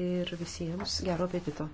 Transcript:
ir visiems gero apetito.